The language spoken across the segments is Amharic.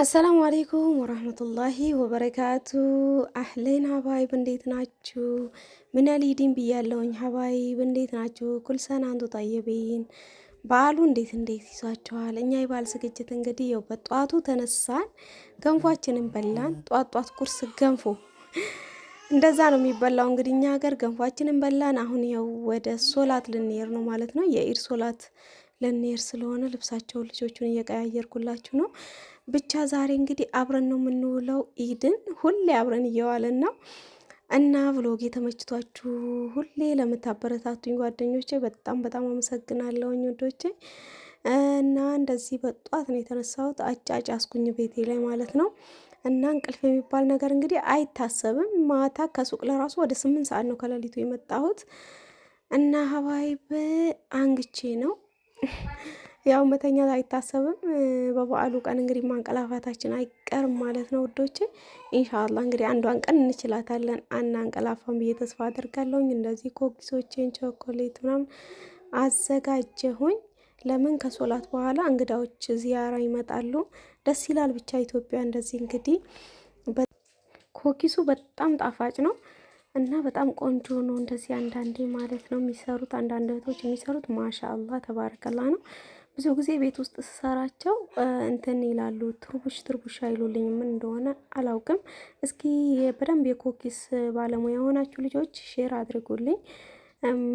አሰላሙ አሌይኩም ወረህመቱላሂ ወበረካቱ። አህሌን ሀባይብ እንዴት ናችሁ? ምን ብያለውኝ። ሀባይብ እንዴት ናችሁ? ኩልሰና አንዱ ጠየቤን በዓሉ እንዴት እንዴት ይዟችኋል? እኛ የበዓል ዝግጅት እንግዲህ ያው በጧቱ ተነሳን፣ ገንፏችንን በላን። ጧት ጧት ቁርስ ገንፎ እንደዛ ነው የሚበላው እንግዲህ እኛ ሀገር ገንፏችንን በላን። አሁን ያው ወደ ሶላት ልንሄድ ነው ማለት ነው የኢድ ሶላት ለኔር ስለሆነ ልብሳቸውን ልጆቹን እየቀያየርኩላችሁ ነው። ብቻ ዛሬ እንግዲህ አብረን ነው የምንውለው። ኢድን ሁሌ አብረን እየዋለን ነው እና ብሎጌ ተመችቷችሁ ሁሌ ለምታበረታቱኝ ጓደኞቼ በጣም በጣም አመሰግናለሁ ወዶቼ። እና እንደዚህ በጧት ነው የተነሳሁት። አጫጭ አስኩኝ ቤቴ ላይ ማለት ነው። እና እንቅልፍ የሚባል ነገር እንግዲህ አይታሰብም። ማታ ከሱቅ ለራሱ ወደ ስምንት ሰዓት ነው ከሌሊቱ የመጣሁት እና ሀባይብ አንግቼ ነው ያው መተኛት አይታሰብም። በበዓሉ ቀን እንግዲህ ማንቀላፋታችን አይቀርም ማለት ነው ውዶቼ። ኢንሻላ እንግዲህ አንዷን ቀን እንችላታለን፣ አናንቀላፋም ብዬ ተስፋ አደርጋለሁኝ። እንደዚህ ኮኪሶቼን፣ ቾኮሌት ምናምን አዘጋጀሁኝ። ለምን ከሶላት በኋላ እንግዳዎች ዚያራ ይመጣሉ። ደስ ይላል ብቻ ኢትዮጵያ እንደዚህ እንግዲህ ኮኪሱ በጣም ጣፋጭ ነው። እና በጣም ቆንጆ ነው። እንደዚህ አንዳንዴ ማለት ነው የሚሰሩት አንዳንድ እህቶች የሚሰሩት ማሻ አላህ ተባረከላ ነው። ብዙ ጊዜ ቤት ውስጥ ስሰራቸው እንትን ይላሉ ትርቡሽ ትርቡሽ አይሉልኝ ምን እንደሆነ አላውቅም። እስኪ በደንብ የኮኪስ ባለሙያ የሆናችሁ ልጆች ሼር አድርጉልኝ።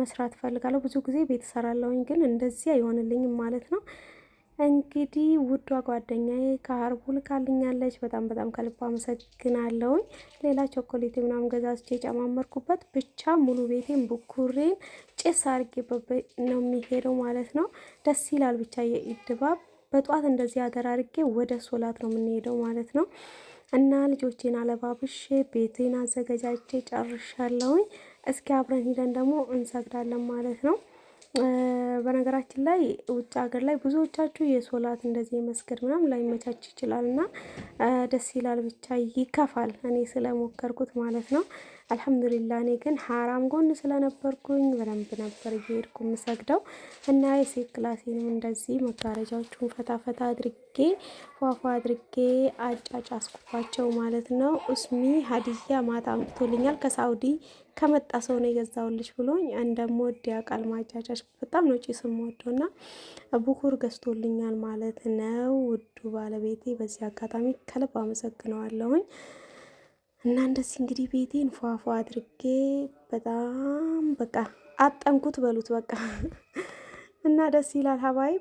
መስራት ፈልጋለሁ። ብዙ ጊዜ ቤት ሰራለውኝ፣ ግን እንደዚህ አይሆንልኝም ማለት ነው። እንግዲህ ውዷ ጓደኛዬ ከሀርቡል ካልኛለች በጣም በጣም ከልባ አመሰግናለሁኝ። ሌላ ቾኮሌት ምናምን ገዛዝቼ የጨማመርኩበት ብቻ ሙሉ ቤቴን ብኩሬን ጭስ አድርጌበት ነው የሚሄደው ማለት ነው። ደስ ይላል ብቻ የኢድባብ በጠዋት እንደዚህ እንደዚህ አድርጌ ወደ ሶላት ነው የምንሄደው ማለት ነው። እና ልጆቼን አለባብሼ ቤቴን አዘገጃጅቼ ጨርሻለሁኝ። እስኪ አብረን ሂደን ደግሞ እንሰግዳለን ማለት ነው። በነገራችን ላይ ውጭ ሀገር ላይ ብዙዎቻችሁ የሶላት እንደዚህ የመስገድ ምናምን ላይመቻች ይችላል እና ደስ ይላል ብቻ ይከፋል። እኔ ስለሞከርኩት ማለት ነው። አልሐምዱሊላ። እኔ ግን ሀራም ጎን ስለነበርኩኝ በደንብ ነበር እየሄድኩ የምሰግደው እና የሴት ክላሴንም እንደዚህ መጋረጃዎቹን ፈታፈታ አድርጌ ፏፏ አድርጌ አጫጫ አጫጫስኩባቸው ማለት ነው። እስሚ ሀዲያ ማታ አምጥቶልኛል ከሳውዲ ከመጣ ሰው ነው የገዛውልሽ ብሎኝ እንደምወድ ያውቃል። ማጫጫሽ በጣም ነው ጭስ የምወደው እና ብኩር ገዝቶልኛል ማለት ነው። ውዱ ባለቤቴ በዚህ አጋጣሚ ከልብ አመሰግነዋለሁኝ። እና እንደዚህ እንግዲህ ቤቴን ፏፏ አድርጌ በጣም በቃ አጠንኩት በሉት በቃ እና ደስ ይላል። ሀባይ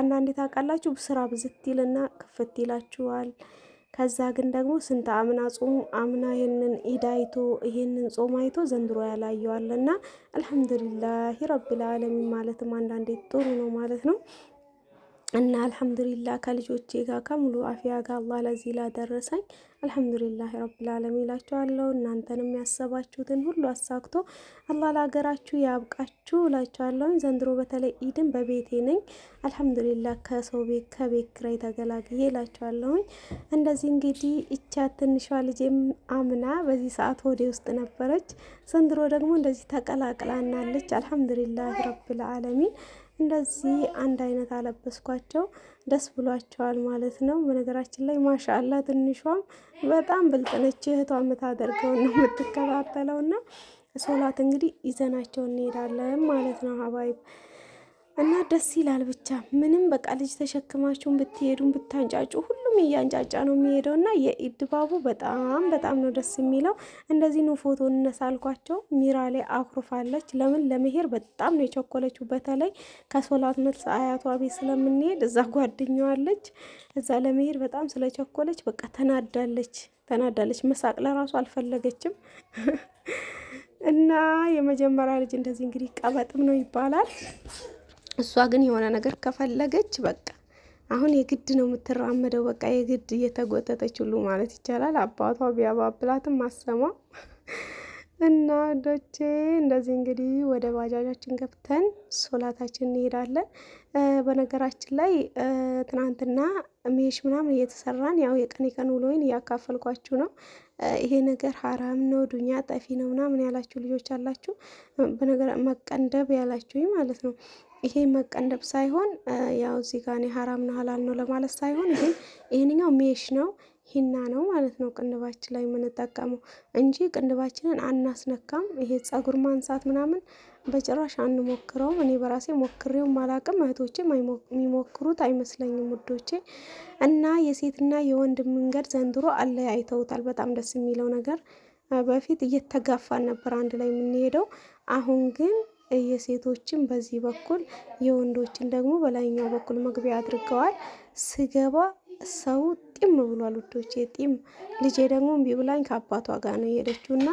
አንዳንዴ ታውቃላችሁ ስራ ብዝት ይልና ክፍት ይላችኋል። ከዛ ግን ደግሞ ስንት አምና ጾም አምና ይህንን ኢድ አይቶ ይህንን ጾም አይቶ ዘንድሮ ያላየዋልና አልሐምዱሊላህ ረብል ዓለሚን ማለትም አንዳንዴ ጥሩ ነው ማለት ነው። እና አልሐምዱሊላህ ከልጆቼ ጋር ከሙሉ አፊያ ጋር አላህ ለዚህ ላደረሰኝ አልሐምዱሊላህ ረብል ዓለሚን እላችኋለሁ። እናንተንም ያሰባችሁትን ሁሉ አሳክቶ አላህ ለሀገራችሁ ያብቃችሁ እላችኋለሁ። ዘንድሮ በተለይ ኢድን በቤቴ ነኝ አልሐምዱሊላህ ከሰው ቤት ከቤት ኪራይ ተገላግዬ እላችኋለሁኝ። እንደዚህ እንግዲህ እቻ ትንሿ ልጄም አምና በዚህ ሰዓት ሆዴ ውስጥ ነበረች። ዘንድሮ ደግሞ እንደዚህ ተቀላቅላናለች። አልሐምዱሊላህ ረብል እንደዚህ አንድ አይነት አለበስኳቸው። ደስ ብሏቸዋል ማለት ነው። በነገራችን ላይ ማሻአላ ትንሿም በጣም ብልጥ ነች። እህቷ የምታደርገውን ነው የምትከታተለው እና ሶላት እንግዲህ ይዘናቸው እንሄዳለን ማለት ነው ሀባይብ እና ደስ ይላል ብቻ ምንም በቃ ልጅ ተሸክማችሁን ብትሄዱን ብታንጫጩ ሁሉም እያንጫጫ ነው የሚሄደው እና የኢድ በጣም በጣም ነው ደስ የሚለው። እንደዚህ ነው ፎቶ እነሳልኳቸው ሚራ ላይ አኩርፋለች። ለምን ለመሄድ በጣም ነው የቸኮለችው። በተለይ ከሶላት መልስ አያቷ ቤት ስለምንሄድ እዛ ጓደኛዋለች እዛ ለመሄድ በጣም ስለቸኮለች በቃ ተናዳለች ተናዳለች። መሳቅ ለራሱ አልፈለገችም። እና የመጀመሪያ ልጅ እንደዚህ እንግዲህ ቀበጥም ነው ይባላል። እሷ ግን የሆነ ነገር ከፈለገች በቃ አሁን የግድ ነው የምትራመደው። በቃ የግድ እየተጎተተች ሁሉ ማለት ይቻላል። አባቷ ቢያባብላትም ማሰማ እና ዶቼ እንደዚህ እንግዲህ ወደ ባጃጃችን ገብተን ሶላታችን እንሄዳለን። በነገራችን ላይ ትናንትና ሜሽ ምናምን እየተሰራን ያው የቀን የቀን ውሎይን እያካፈልኳችሁ ነው። ይሄ ነገር ሀራም ነው፣ ዱኛ ጠፊ ነው ምናምን ያላችሁ ልጆች አላችሁ፣ በነገር መቀንደብ ያላችሁኝ ማለት ነው። ይሄ መቀንደብ ሳይሆን ያው እዚህ ጋር እኔ ሀራም ነው ሀላል ነው ለማለት ሳይሆን ግን ይህንኛው ሜሽ ነው ሂና ነው ማለት ነው ቅንድባችን ላይ የምንጠቀመው እንጂ ቅንድባችንን አናስነካም። ይሄ ጸጉር ማንሳት ምናምን በጭራሽ አንሞክረውም። እኔ በራሴ ሞክሬውም አላቅም፣ እህቶቼ የሚሞክሩት አይመስለኝም ውዶቼ። እና የሴትና የወንድ መንገድ ዘንድሮ አለያይተውታል። በጣም ደስ የሚለው ነገር በፊት እየተጋፋን ነበር አንድ ላይ የምንሄደው አሁን ግን የሴቶችን በዚህ በኩል የወንዶችን ደግሞ በላይኛው በኩል መግቢያ አድርገዋል። ስገባ ሰው ጢም ብሏል ውዶቼ የጢም ልጄ ደግሞ እምቢ ብላኝ ከአባቷ ጋር ነው የሄደችው እና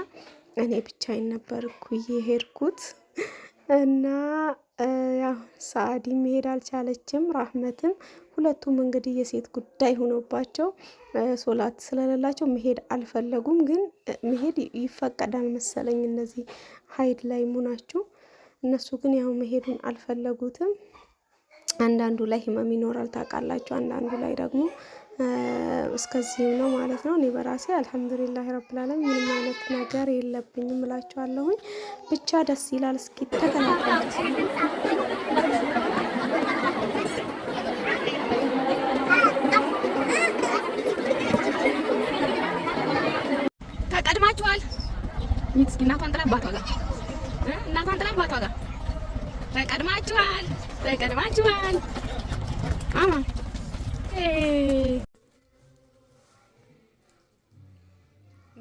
እኔ ብቻዬን ነበርኩ የሄድኩት እና ያው ሳዲ መሄድ አልቻለችም። ራህመትም ሁለቱም እንግዲህ የሴት ጉዳይ ሆኖባቸው ሶላት ስለሌላቸው መሄድ አልፈለጉም። ግን መሄድ ይፈቀዳል መሰለኝ እነዚህ ሀይድ ላይ ሙናችሁ እነሱ ግን ያው መሄዱን አልፈለጉትም። አንዳንዱ ላይ ህመም ይኖራል ታውቃላችሁ፣ አንዳንዱ ላይ ደግሞ እስከዚህም ነው ማለት ነው። እኔ በራሴ አልሐምዱሊላህ ረብላለም ምንም አይነት ነገር የለብኝም እላችኋለሁኝ። ብቻ ደስ ይላል። እስኪ ተከናቀሉት ተቀድማችኋል። ሚስኪናቷን ጥላ ጋር ስልኳን ጥላ አባቷ ጋር ተቀድማችኋል፣ ተቀድማችኋል። አማ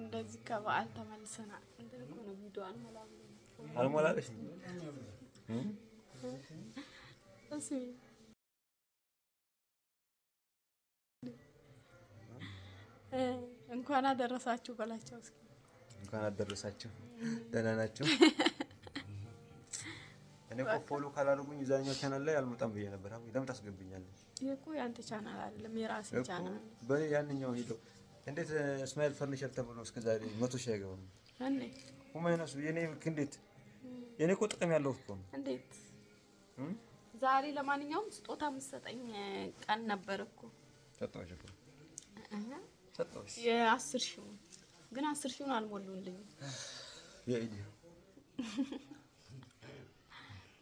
እንደዚህ ከበዓል ተመልሰናል። እንኳን አደረሳችሁ በላቸው። እስኪ እንኳን አደረሳችሁ። ደህና ናቸው። እኔ እኮ ፎሎ ካላደረጉኝ እዛኛው ቻናል ላይ አልመጣም ብዬ ነበር። አሁን ለምን ታስገብኛለህ? እኮ ያንተ ቻናል አይደለም፣ የራስ ቻናል በእኔ ያንኛው ሄደው እንዴት እስማኤል ፈርኒቸር ተብሎ እስከ ዛሬ መቶ ሺህ አይገባም። እኔ ሁማይናስ የኔ እንዴት የኔ እኮ ጥቅም ያለው እኮ ነው። እንዴት ዛሬ ለማንኛውም ስጦታ የምትሰጠኝ ቀን ነበር እኮ ሰጠሁሽ እኮ ሰጠሁሽ። የአስር ሺህ ግን አስር ሺውን አልሞሉልኝም።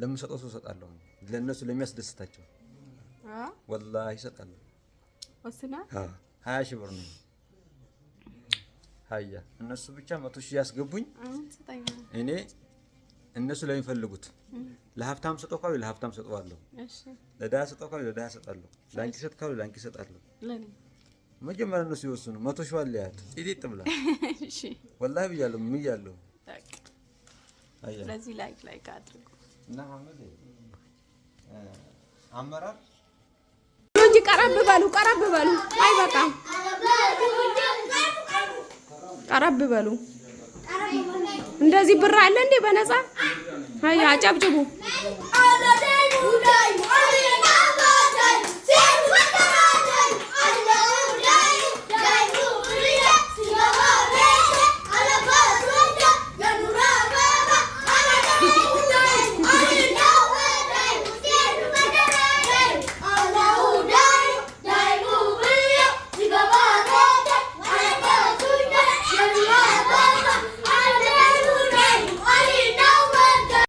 ለምሰጠው ሰው እሰጣለሁ። ለእነሱ ለሚያስደስታቸው ወላሂ እሰጣለሁ። ወስና ሀያ ሺህ ብር ነው ሀያ እነሱ ብቻ መቶ ሺህ ያስገቡኝ። እኔ እነሱ ለሚፈልጉት ለሀብታም ሰጠው ካሉ ለሀብታም ሰጠዋለሁ፣ ለድሀ ሰጠው ካሉ ለድሀ ሰጣለሁ፣ ለአንቺ ሰጥ ካሉ ለአንቺ ሰጣለሁ። መጀመሪያ እነሱ ይወስኑ። መቶ ሺህ አለ ያህል ጥቂት ብላ ወላሂ ብያለሁ። ምን ስለዚህ ላይክ ላይክ አድርጉ እና ሐመድ አመራር እንጂ ቀረብ በሉ፣ ቀረብ በሉ። አይበቃም። ቀረብ በሉ። እንደዚህ ብር አለ እንዴ? በነፃ አይ አጨብጭቡ።